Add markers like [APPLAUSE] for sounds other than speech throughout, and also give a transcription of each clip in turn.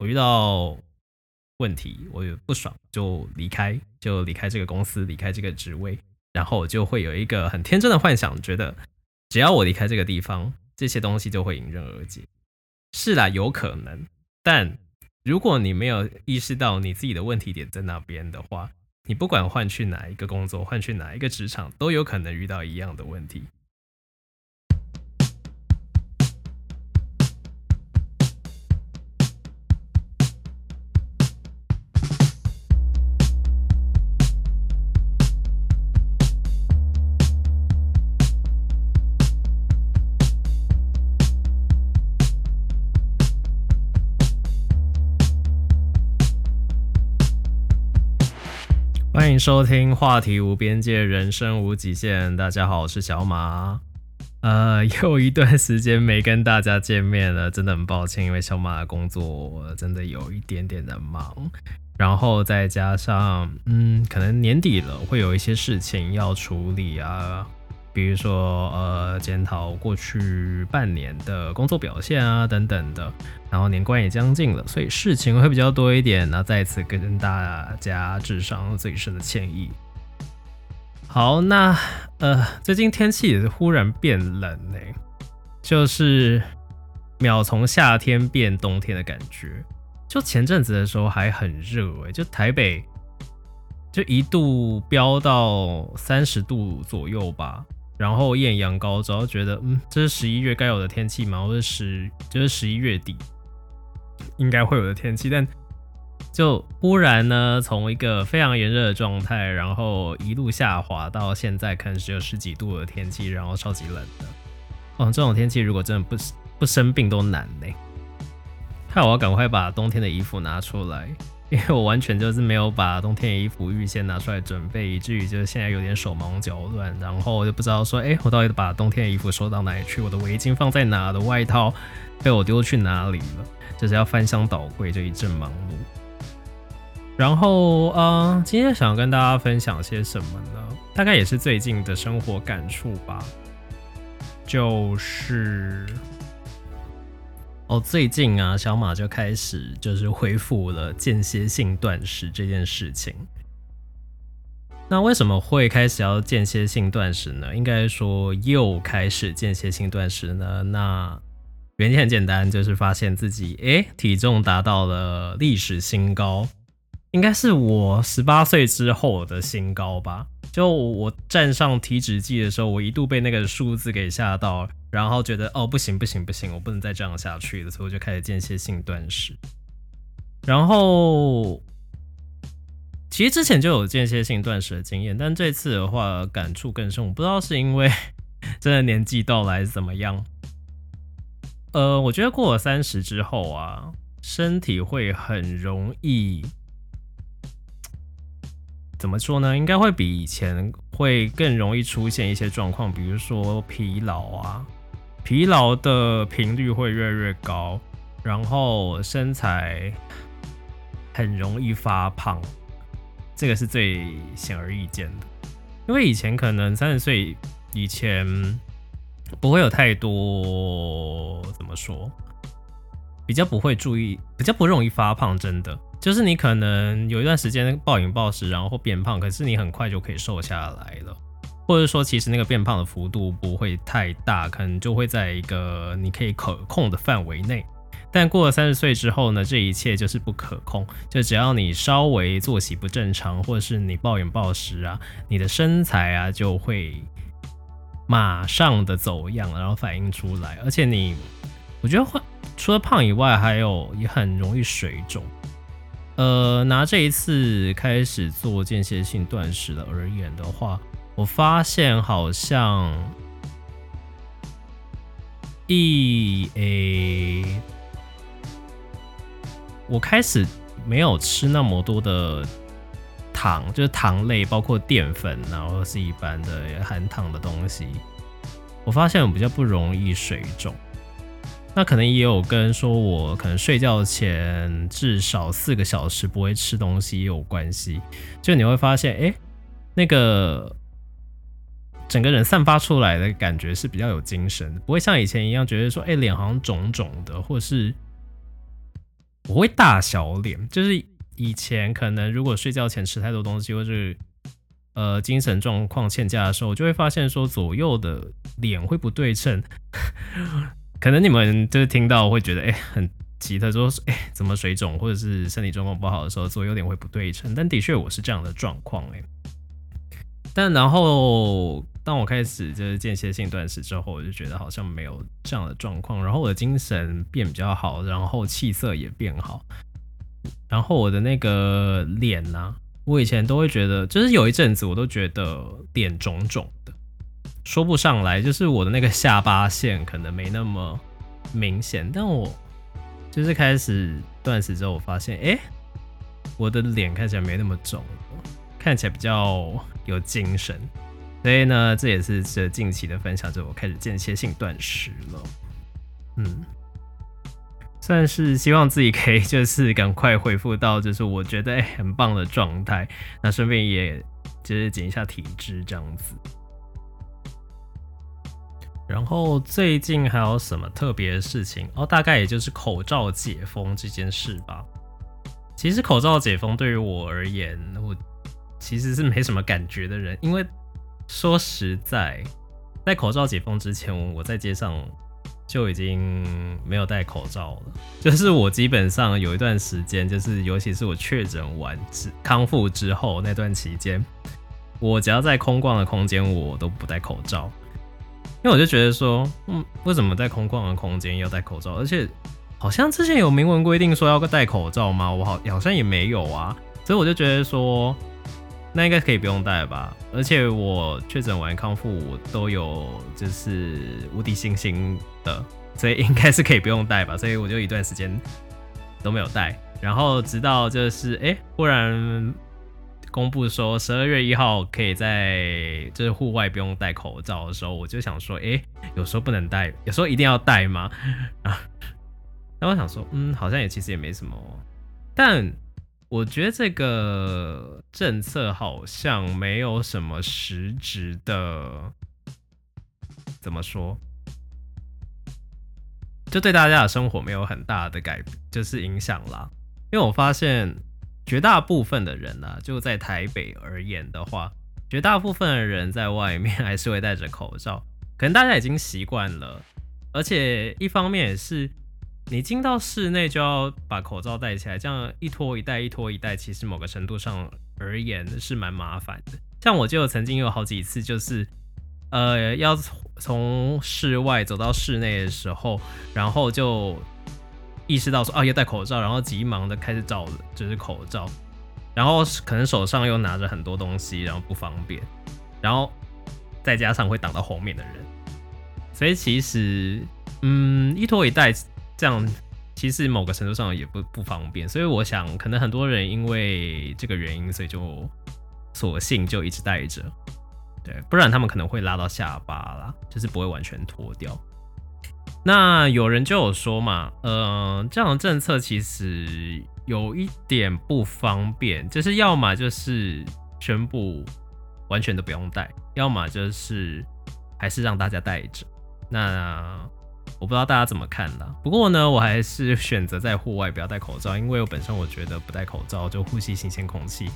我遇到問題，我有不爽就離開，就離開這個公司，離開這個職位，然後我就會有一個很天真的幻想，覺得只要我離開這個地方，這些東西就會迎刃而解。是啦，有可能，但如果你沒有意識到你自己的問題點在那邊的話，你不管換去哪一個工作，換去哪一個職場，都有可能遇到一樣的問題。收聽話題無邊界，人生無極限。大家好，我是小馬。呃，又一段時間沒跟大家見面了，真的很抱歉，因為小馬的工作真的有一點點的忙，然後再加上，嗯，可能年底了會有一些事情要處理啊。比如說，呃，檢討過去半年的工作表現啊，等等的。然後年關也將近了，所以事情會比較多一點。那再次跟大家致上最深的歉意。好，那呃，最近天氣也是忽然變冷誒，就是秒從夏天變冬天的感覺。就前陣子的時候還很熱誒，就台北就一度飆到三十度左右吧。然後豔陽高照，覺得嗯，這是十一月該有的天氣嘛，或者十就是十一月底應該會有的天氣，但就忽然呢，從一個非常炎熱的狀態，然後一路下滑到現在看只有十幾度的天氣，然後超級冷的。哦，這種天氣如果真的不不生病都難耶。害，我要趕快把冬天的衣服拿出來。因為我完全就是沒有把冬天的衣服預先拿出來準備，以至於就是現在有點手忙腳亂，然後我就不知道說，誒，我到底把冬天的衣服收到哪裡去？我的圍巾放在哪？的外套被我丟去哪裡了？就是要翻箱倒櫃，就一陣忙碌。然後，呃、嗯，今天想要跟大家分享些什麼呢？大概也是最近的生活感觸吧，就是。哦，最近啊，小馬就開始就是恢復了間歇性斷食這件事情。那為什麼會開始要間歇性斷食呢？應該說又開始間歇性斷食呢。那原因很簡單，就是發現自己，哎，體重達到了歷史新高，應該是我十八歲之後的新高吧。就我站上體脂計的時候，我一度被那個數字給嚇到。然後覺得哦不行不行不行，我不能再這樣下去了，所以我就開始間歇性斷食。然後其實之前就有間歇性斷食的經驗，但這次的話感觸更深。我不知道是因為真的年紀到了還是怎麼樣？呃，我覺得過了三十之後啊，身體會很容易怎麼說呢？應該會比以前會更容易出現一些狀況，比如說疲勞啊。疲勞的頻率會越來越高，然後身材很容易發胖，這個是最顯而易見的。因為以前可能三十歲以前不會有太多，怎麼說，比較不會注意，比較不容易發胖。真的，就是你可能有一段時間暴飲暴食，然後會變胖，可是你很快就可以瘦下來了。或者說，其實那個變胖的幅度不會太大，可能就會在一個你可以可控的範圍內。但過了三十歲之後呢，這一切就是不可控。就只要你稍微作息不正常，或者是你暴飲暴食啊，你的身材啊就會馬上的走樣，然後反映出來。而且你，我覺得會除了胖以外，還有也很容易水腫。呃，拿這一次開始做間歇性斷食的而言的話。我發現好像，一 a 我開始沒有吃那麼多的糖，就是糖類，包括澱粉，然後是一般的含糖的東西。我發現我比較不容易水腫，那可能也有跟說我可能睡覺前至少四個小時不會吃東西也有關係。就你會發現，哎，那個。整個人散發出來的感覺是比較有精神，不會像以前一樣覺得說，哎、欸，臉好像腫腫的，或是不會大小臉。就是以前可能如果睡覺前吃太多東西，或者是呃精神狀況欠佳的時候，我就會發現說左右的臉會不對稱。 [LAUGHS] 可能你們就是聽到我會覺得哎、欸、很奇特說，說、欸、哎怎麼水腫，或者是身體狀況不好的時候左右臉會不對稱。但的確我是這樣的狀況哎，但然後。當我開始就是間歇性斷食之後，我就覺得好像沒有這樣的狀況，然後我的精神變比較好，然後氣色也變好，然後我的那個臉呢、啊，我以前都會覺得，就是有一陣子我都覺得臉腫腫的，說不上來，就是我的那個下巴線可能沒那麼明顯，但我就是開始斷食之後，我發現，哎，我的臉看起來沒那麼腫，看起來比較有精神。所以呢，這也是值得近期的分享，就我開始間歇性斷食了。嗯，算是希望自己可以就是趕快恢復到就是我覺得很棒的狀態。那順便也就是減一下體脂這樣子。然後最近還有什麼特別的事情？哦，大概也就是口罩解封這件事吧。其實口罩解封對於我而言，我其實是沒什麼感覺的人，因為。說實在，戴口罩解封之前，我在街上就已經沒有戴口罩了。就是我基本上有一段時間，就是尤其是我確診完、康復之後那段期間，我只要在空曠的空間，我都不戴口罩，因為我就覺得說，嗯，為什麼在空曠的空間要戴口罩？而且好像之前有明文規定說要戴口罩嗎？我好好像也沒有啊，所以我就覺得說。那應該可以不用戴吧？而且我確診完康復，都有就是無敵星星的，所以應該是可以不用戴吧。所以我就一段時間都沒有戴，然後直到就是、欸、忽然公布說十二月一號可以在就是戶外不用戴口罩的時候，我就想說，哎、欸，有時候不能戴，有時候一定要戴嗎？啊，然後我想說，嗯，好像也其實也沒什麼，但。我覺得這個政策好像沒有什麼實質的，怎麼說？就對大家的生活沒有很大的改變，就是影響啦。因為我發現絕大部分的人啊，就在台北而言的話，絕大部分的人在外面還是會戴着口罩，可能大家已經習慣了。而且一方面也是。你進到室內就要把口罩戴起來，這樣一脫一戴一脫一戴，其實某個程度上而言是蠻麻煩的。像我就曾經有好幾次，就是呃要從從室外走到室內的時候，然後就意識到說啊要戴口罩，然後急忙的開始找就是口罩，然後可能手上又拿着很多東西，然後不方便，然後再加上會擋到後面的人，所以其實嗯一脫一戴。這樣其實某個程度上也不不方便，所以我想可能很多人因為這個原因，所以就索性就一直戴着，對，不然他們可能會拉到下巴啦，就是不會完全脫掉。那有人就有說嘛，嗯、呃，這樣的政策其實有一點不方便，就是要麼就是全部完全都不用戴，要麼就是還是讓大家戴着。那我不知道大家怎麼看啦，不過呢，我還是選擇在戶外不要戴口罩，因為我本身我覺得不戴口罩就呼吸新鮮空氣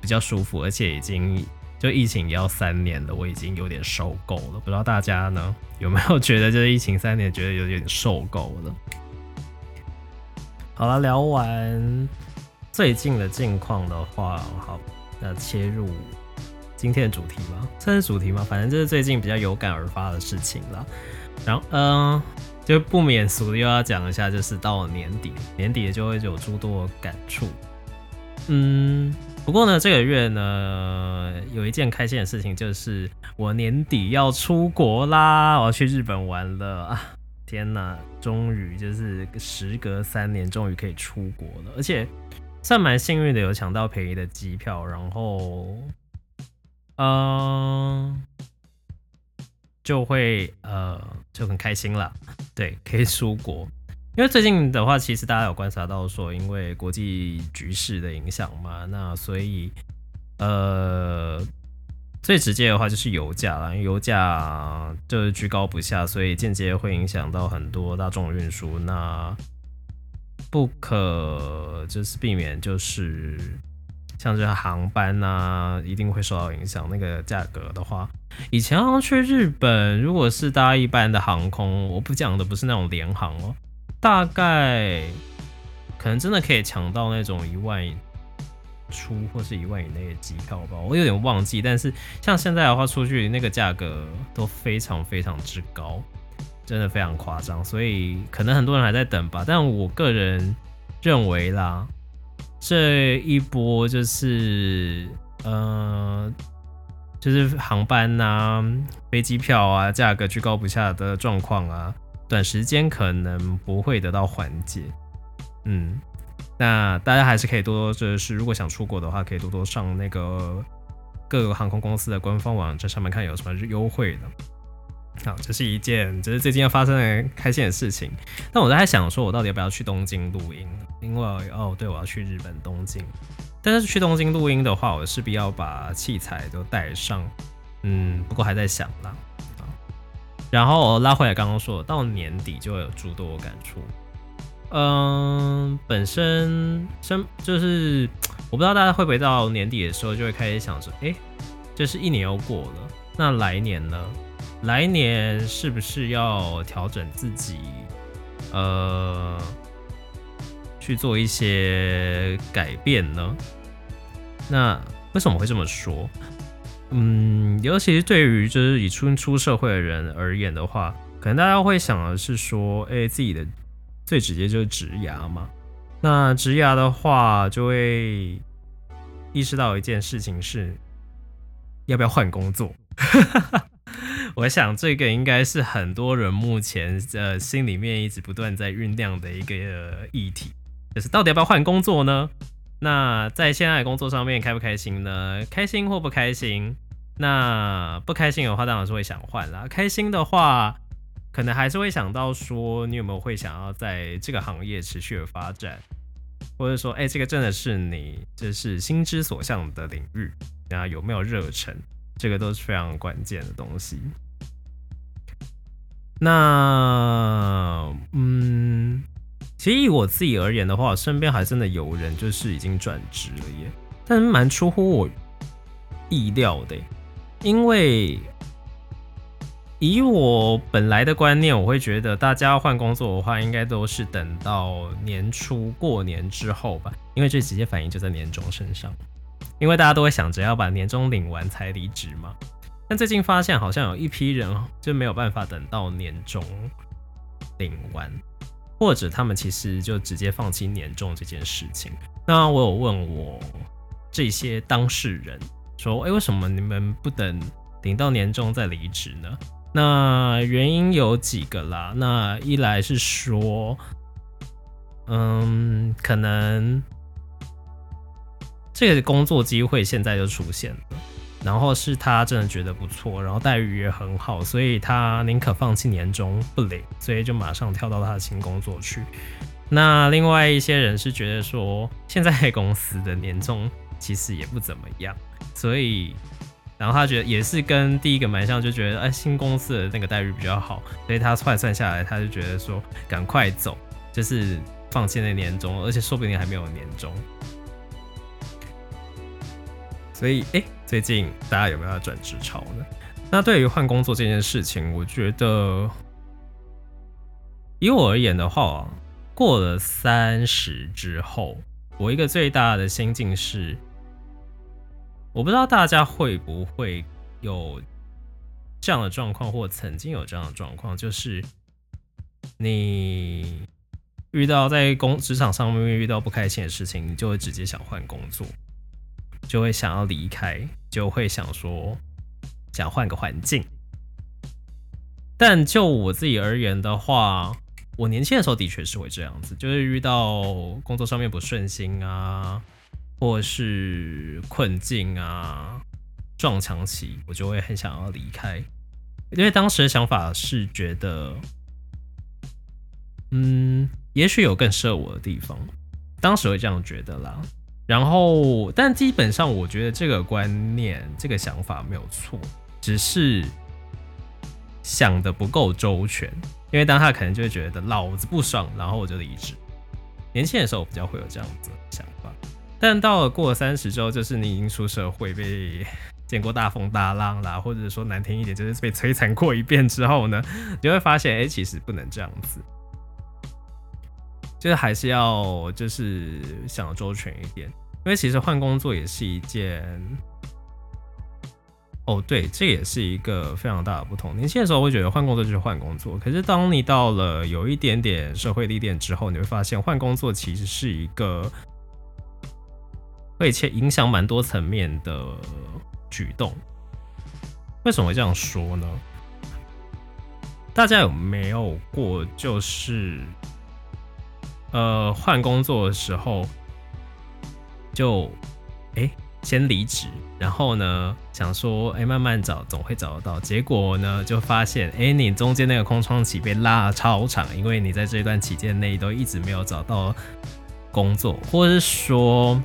比較舒服，而且已經就疫情也要三年了，我已經有點受夠了。不知道大家呢有沒有覺得，就是疫情三年覺得有點受夠了？好了，聊完最近的近況的話，好，那切入今天的主題吧。算是主題嗎？反正就是最近比較有感而發的事情啦。然後，嗯，就不免俗的又要講一下，就是到了年底，年底也就會有諸多的感觸。嗯，不過呢，這個月呢，有一件開心的事情，就是我年底要出國啦，我要去日本玩了。啊、天哪，終於就是時隔三年，終於可以出國了，而且算蠻幸運的，有搶到便宜的機票。然後，嗯。就會呃就很開心了，對，可以出國。因為最近的話，其實大家有觀察到說，因為國際局勢的影響嘛，那所以呃最直接的話就是油價了，因為油價就是居高不下，所以間接會影響到很多大眾運輸，那不可就是避免就是。像這些航班吶、啊，一定會受到影響。那個價格的話，以前、啊、去日本，如果是搭一般的航空，我不講的不是那種聯航哦、喔，大概可能真的可以搶到那種一萬出或是一萬以內的機票吧。我有點忘記，但是像現在的話，出去那個價格都非常非常之高，真的非常誇張。所以可能很多人還在等吧，但我個人認為啦。這一波就是，呃，就是航班啊、飛機票啊，價格居高不下的狀況啊，短時間可能不會得到緩解。嗯，那大家還是可以多多，就是如果想出國的話，可以多多上那個各個航空公司的官方網站上面看有什麼優惠的。好，這、就是一件，這、就是最近要發生的開心的事情。但我在想，說我到底要不要去東京錄音？因為哦，對，我要去日本東京。但是去東京錄音的話，我勢必要把器材都帶上。嗯，不過還在想啦。啊，然後拉回來剛剛說到年底就會有諸多感觸。嗯、呃，本身身就是，我不知道大家會不會到年底的時候就會開始想說，哎、欸，這、就是一年又過了，那來年呢？來年是不是要調整自己？呃，去做一些改變呢？那為什麼會這麼說？嗯，尤其是對於就是已出出社會的人而言的話，可能大家會想的是說，哎、欸，自己的最直接就是職涯嘛。那職涯的話，就會意識到一件事情是，要不要換工作？哈哈哈。我想這個應該是很多人目前呃心裡面一直不斷在醞釀的一個、呃、議題，就是到底要不要換工作呢？那在現在的工作上面開不開心呢？開心或不開心？那不開心的話，當然是會想換啦；開心的話，可能還是會想到說，你有沒有會想要在這個行業持續的發展，或者說，哎、欸，這個真的是你這、就是心之所向的領域，然後有沒有熱忱？這個都是非常關鍵的東西。那嗯，其實以我自己而言的話，我身邊還真的有人就是已經轉職了耶，但蠻出乎我意料的，因為以我本來的觀念，我會覺得大家換工作的話，應該都是等到年初過年之後吧，因為這直接反應就在年終身上，因為大家都會想着要把年終領完才離職嘛。但最近發現，好像有一批人就沒有辦法等到年終領完，或者他們其實就直接放棄年終這件事情。那我有問我這些當事人說：“哎，為什麼你們不等領到年終再離職呢？”那原因有幾個啦。那一來是說，嗯，可能這個工作機會現在就出現了。然後是他真的覺得不錯，然後待遇也很好，所以他寧可放棄年終不領，所以就馬上跳到他的新工作去。那另外一些人是覺得說，現在公司的年終其實也不怎麼樣，所以，然後他覺得也是跟第一個蠻像，就覺得哎、啊、新公司的那個待遇比較好，所以他換算下來，他就覺得說趕快走，就是放棄那年終，而且說不定還沒有年終，所以哎。誒最近大家有沒有要轉職潮呢？那對於換工作這件事情，我覺得，以我而言的話，過了三十之後，我一個最大的心境是，我不知道大家會不會有這樣的狀況，或曾經有這樣的狀況，就是你遇到在工職場上面遇到不開心的事情，你就會直接想換工作。就會想要離開，就會想說想換個環境。但就我自己而言的話，我年輕的時候的確是會這樣子，就是遇到工作上面不順心啊，或是困境啊，撞牆期，我就會很想要離開。因為當時的想法是覺得，嗯，也許有更適合我的地方，當時會這樣覺得啦。然後，但基本上我覺得這個觀念、這個想法沒有錯，只是想得不夠周全。因為當他可能就會覺得老子不爽，然後我就離職。年輕的時候比較會有這樣子的想法，但到了過三十之後，就是你已經出社會，被見過大風大浪啦，或者說難聽一點，就是被摧殘過一遍之後呢，你就會發現，哎、欸，其實不能這樣子。就是還是要，就是想周全一點，因為其實換工作也是一件，哦，對，這也是一個非常大的不同。年輕的時候，會覺得換工作就是換工作，可是當你到了有一點點社會歷練之後，你會發現換工作其實是一個會切影響蠻多層面的舉動。為什麼會這樣說呢？大家有沒有過就是？呃，換工作的時候，就，哎、欸，先離職，然後呢，想說，哎、欸，慢慢找，總會找得到。結果呢，就發現，哎、欸，你中間那個空窗期被拉得超長，因為你在這段期間內都一直沒有找到工作，或者是說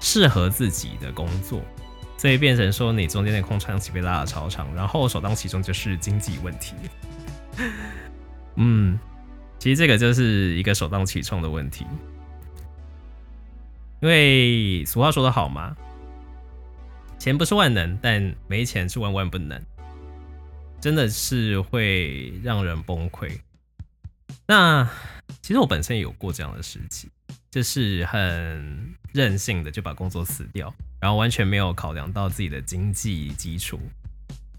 適合自己的工作，所以變成說你中間那個空窗期被拉得超長，然後首當其衝就是經濟問題，嗯。其實這個就是一個首當其衝的問題，因為俗話說得好嘛，錢不是萬能，但沒錢是萬萬不能，真的是會讓人崩潰。那其實我本身有過這樣的時期，就是很任性的就把工作辭掉，然後完全沒有考量到自己的經濟基礎。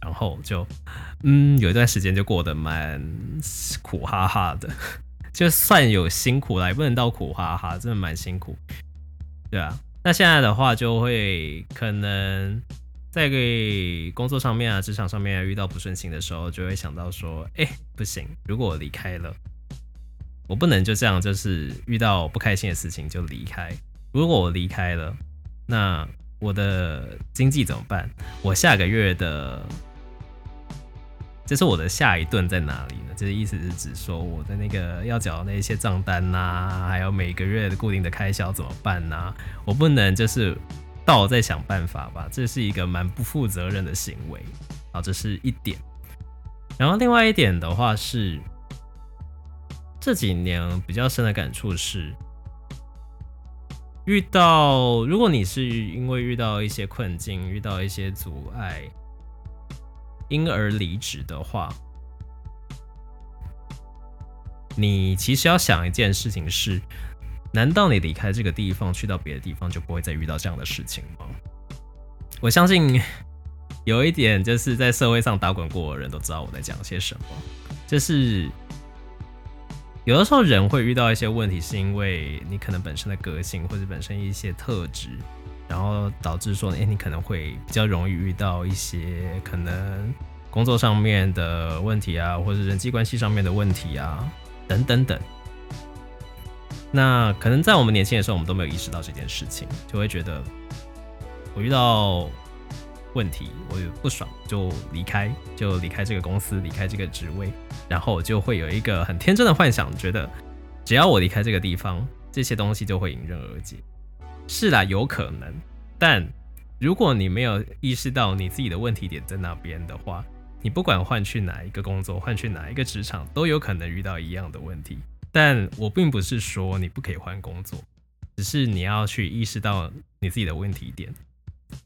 然後就，嗯，有一段時間就過得蠻苦哈哈的，就算有辛苦了，也不能到苦哈哈，真的蠻辛苦。對啊，那現在的話，就會可能在個工作上面啊，職場上面啊，遇到不順心的時候，就會想到說，哎、欸，不行，如果我離開了，我不能就這樣就是遇到不開心的事情就離開。如果我離開了，那我的經濟怎麼辦？我下個月的。這是我的下一頓在哪裡呢？這，就是意思是，指說我的那個要繳那些賬單吶、啊，還有每個月的固定的開銷怎麼辦呢、啊？我不能就是到我再想辦法吧，這是一個蠻不負責任的行為。好，這是一點。然後另外一點的話是，這幾年比較深的感觸是，遇到如果你是因為遇到一些困境，遇到一些阻礙。因而離職的話，你其實要想一件事情是：難道你離開這個地方，去到別的地方就不會再遇到這樣的事情嗎？我相信有一點，就是在社會上打滾過的人都知道我在講些什麼。就是有的時候人會遇到一些問題，是因為你可能本身的個性或者本身一些特質。然後導致說，哎，你可能會比較容易遇到一些可能工作上面的問題啊，或者人際關係上面的問題啊，等等等。那可能在我們年輕的時候，我們都沒有意識到這件事情，就會覺得我遇到問題，我有不爽就離開，就離開這個公司，離開這個職位，然後我就會有一個很天真的幻想，覺得只要我離開這個地方，這些東西就會迎刃而解。是啦，有可能，但如果你沒有意識到你自己的問題點在那邊的話，你不管換去哪一個工作，換去哪一個職場，都有可能遇到一樣的問題。但我並不是說你不可以換工作，只是你要去意識到你自己的問題點，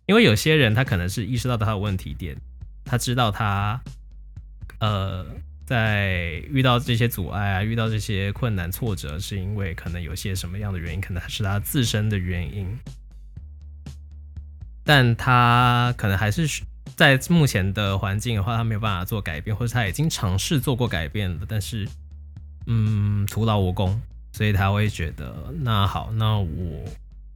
因為有些人他可能是意識到他的問題點，他知道他，呃。在遇到這些阻礙啊，遇到這些困難挫折，是因為可能有些什麼樣的原因？可能還是他自身的原因，但他可能還是在目前的環境的話，他沒有辦法做改變，或者他已經嘗試做過改變了，但是嗯，徒勞無功，所以他會覺得那好，那我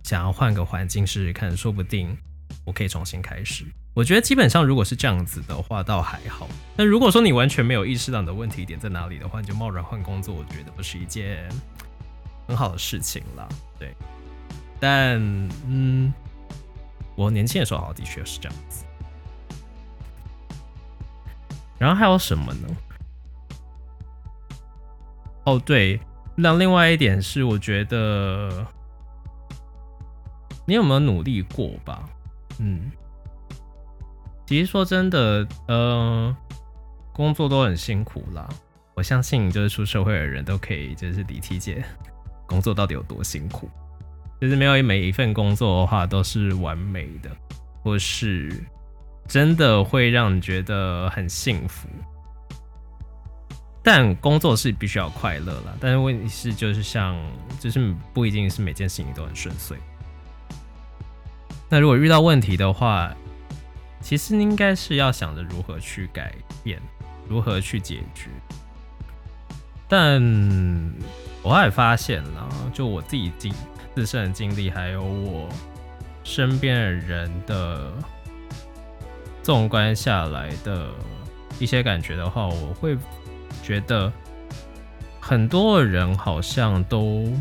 想要換個環境試試看，說不定我可以重新開始。我覺得基本上如果是這樣子的話，倒還好。但如果說你完全沒有意識到你的問題點在哪裡的話，你就貿然換工作，我覺得不是一件很好的事情了。對，但嗯，我年輕的時候好像的確是這樣子。然後還有什麼呢？哦對，那另外一點是，我覺得你有沒有努力過吧？嗯。其實說真的，呃，工作都很辛苦啦。我相信就是出社會的人都可以，就是理解工作到底有多辛苦。其、就是沒有每一份工作的話都是完美的，或是真的會讓你覺得很幸福。但工作是必須要快樂啦，但是問題是就是像，就是不一定是每件事情都很順遂。那如果遇到問題的話，其實應該是要想着如何去改變，如何去解決。但我還發現了，就我自己經自，自身的經歷，還有我身邊的人的縱觀下來的一些感覺的話，我會覺得很多人好像都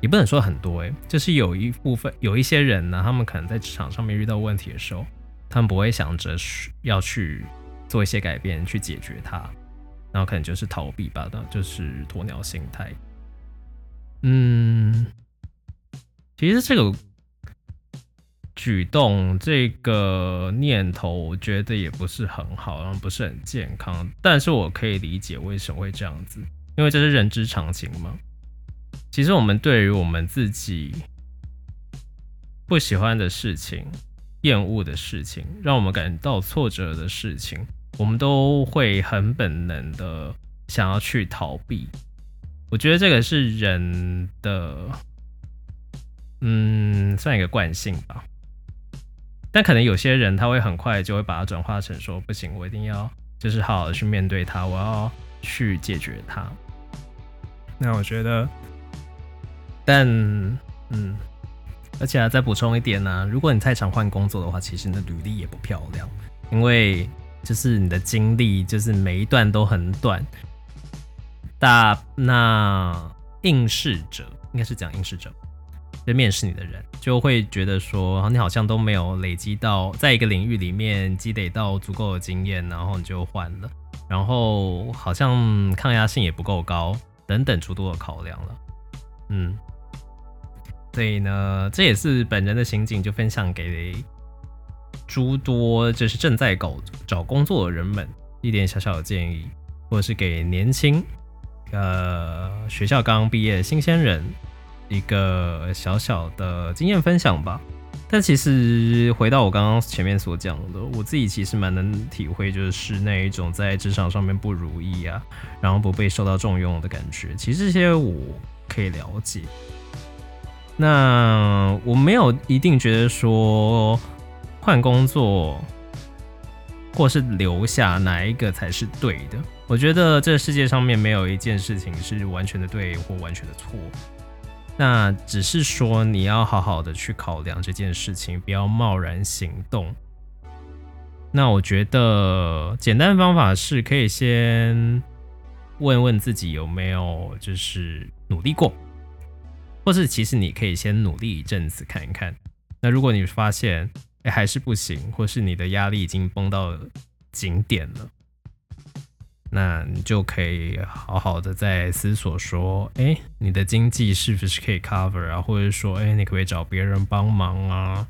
也不能說很多、欸、就是有一部分有一些人呢，他們可能在職場上面遇到問題的時候。他們不會想着要去做一些改變去解決它，然後可能就是逃避吧，那就是鴕鳥心態。嗯，其實這個舉動、這個念頭，我覺得也不是很好，然後不是很健康。但是我可以理解為什麼會這樣子，因為這是人之常情嘛。其實我們對於我們自己不喜歡的事情，厭惡的事情，讓我們感到挫折的事情，我們都會很本能的想要去逃避。我覺得這個是人的，嗯，算一個慣性吧。但可能有些人他會很快就會把它轉化成說，不行，我一定要就是好好去面對它，我要去解決它。那我覺得，但嗯。而且啊，再補充一點呢，啊，如果你太常換工作的話，其實你的履歷也不漂亮，因為就是你的經歷就是每一段都很短。大那應試者應該是講應試者，就面試你的人就會覺得說你好像都沒有累積到在一個領域裡面積累到足夠的經驗，然後你就換了，然後好像抗壓性也不夠高，等等諸多的考量了，嗯。所以呢，這也是本人的心境，就分享給諸多就是正在搞找工作的人們一點小小的建議，或者是給年輕呃學校剛剛畢業的新鮮人一個小小的經驗分享吧。但其實回到我剛剛前面所講的，我自己其實蠻能體會，就是那一種在職場上面不如意啊，然後不被受到重用的感覺。其實這些我可以了解。那我沒有一定覺得說換工作或是留下哪一個才是對的。我覺得這世界上面沒有一件事情是完全的對或完全的錯。那只是說你要好好的去考量這件事情，不要貿然行動。那我覺得簡單方法是可以先問問自己有沒有，就是努力過。或是其實你可以先努力一陣子看一看。那如果你發現哎、欸、還是不行，或是你的壓力已經崩到頂點了，那你就可以好好的再思索說：哎、欸，你的經濟是不是可以 cover 啊？或者說哎、欸，你可不可以找別人幫忙啊？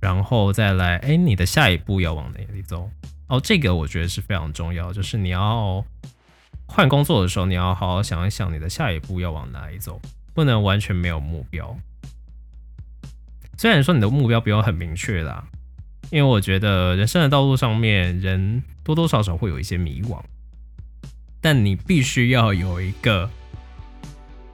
然後再來哎、欸，你的下一步要往哪裡走？哦，這個我覺得是非常重要，就是你要換工作的時候，你要好好想一想你的下一步要往哪裡走。不能完全沒有目標。雖然說你的目標不用很明確啦，因為我覺得人生的道路上面，人多多少少會有一些迷惘，但你必須要有一個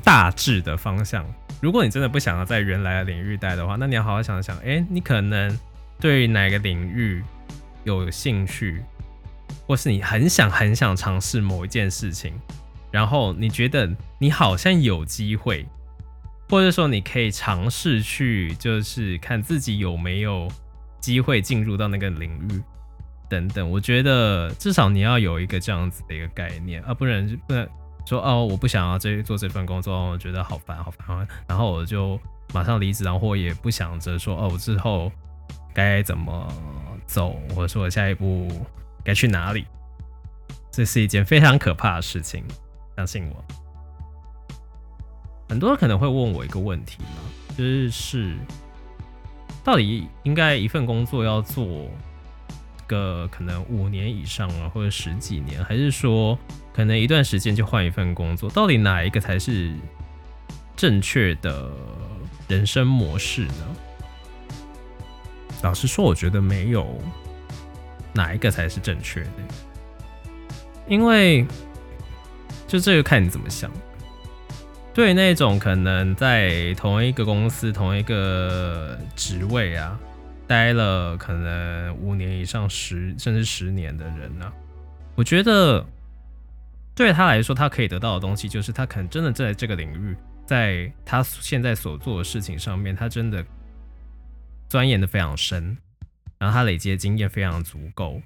大致的方向。如果你真的不想要在原來的領域待的話，那你要好好想想，誒，你可能對哪個領域有興趣，或是你很想很想嘗試某一件事情。然後你覺得你好像有機會，或者說你可以嘗試去，就是看自己有沒有機會進入到那個領域等等。我覺得至少你要有一個這樣子的一個概念啊，不然就不能說哦，我不想要這做這份工作，我覺得好煩好煩，好煩。然後我就馬上離職，然後也不想着說哦，我之後該怎麼走，或者說我下一步該去哪裡？這是一件非常可怕的事情。相信我，很多人可能會問我一個問題嘛，就是到底應該一份工作要做個可能五年以上啊，或者十幾年，還是說可能一段時間就換一份工作？到底哪一個才是正確的人生模式呢？老實說，我覺得沒有哪一個才是正確的，因為。就這個看你怎麼想。對那種可能在同一個公司、同一個職位啊，待了可能五年以上、十甚至十年的人呢、啊，我覺得對他來說，他可以得到的東西就是他可能真的在這個領域，在他現在所做的事情上面，他真的鑽研得非常深，然後他累積的經驗非常足夠，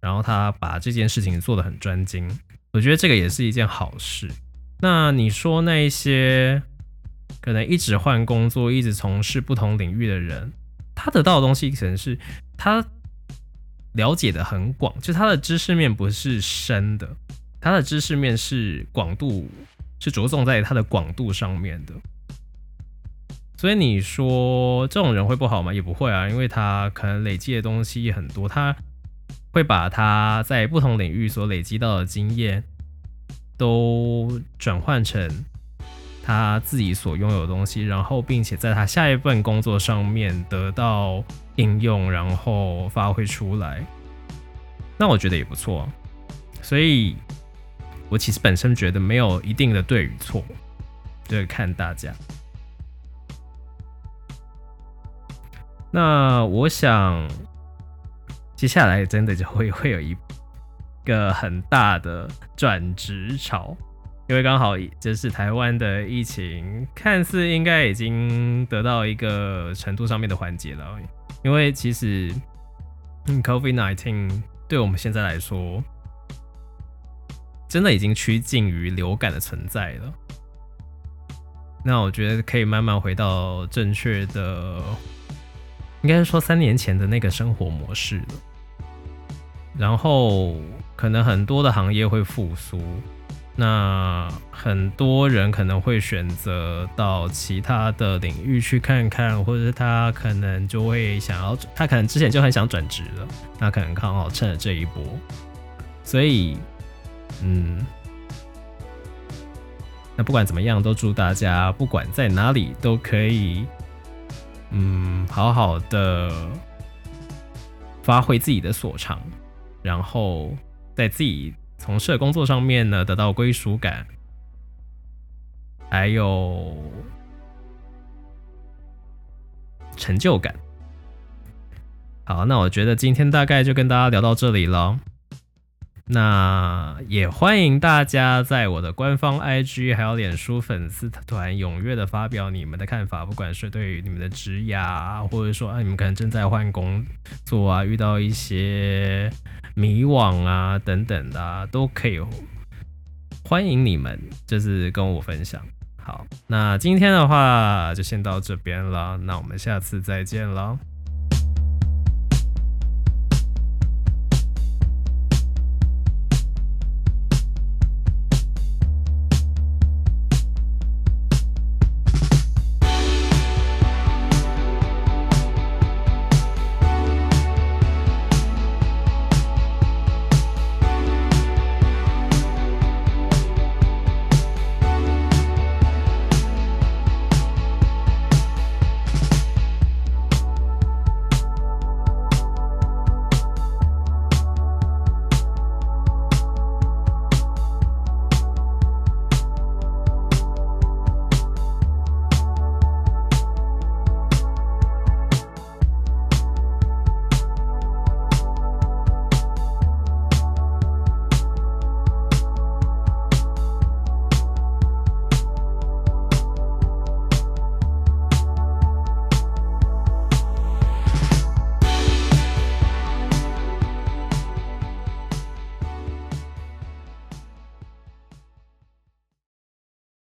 然後他把這件事情做得很專精。我覺得這個也是一件好事。那你說那一些可能一直換工作、一直從事不同領域的人，他得到的東西可能是他了解得很廣，就是他的知識面不是深的，他的知識面是廣度，是着重在他的廣度上面的。所以你說這種人會不好嗎？也不會啊，因為他可能累積的東西很多，他。會把他在不同領域所累積到的經驗，都轉換成他自己所擁有的東西，然後並且在他下一份工作上面得到應用，然後發揮出來。那我覺得也不錯啊，所以我其實本身覺得沒有一定的對與錯，就看大家。那我想。接下來真的就會會有一個很大的轉職潮，因為剛好這是台灣的疫情，看似應該已經得到一個程度上面的緩解了，因為其實，COVID-19 對我們現在來說，真的已經趨近於流感的存在了。那我覺得可以慢慢回到正確的。應該是說三年前的那個生活模式的，然後可能很多的行業會復甦，那很多人可能會選擇到其他的領域去看看，或者他可能就會想要，他可能之前就很想轉職了，他可能剛好趁着這一波，所以，嗯，那不管怎麼樣，都祝大家不管在哪裡都可以。嗯，好好的發揮自己的所長，然後在自己從事的工作上面呢，得到歸屬感，還有成就感。好，那我覺得今天大概就跟大家聊到這裡了。那也歡迎大家在我的官方 IG 還有臉書粉絲團踴躍的發表你們的看法，不管是對於你們的職涯啊，或者說啊你們可能正在換工作啊，遇到一些迷惘啊等等的啊，都可以哦，歡迎你們就是跟我分享。好，那今天的話就先到這邊了，那我們下次再見了。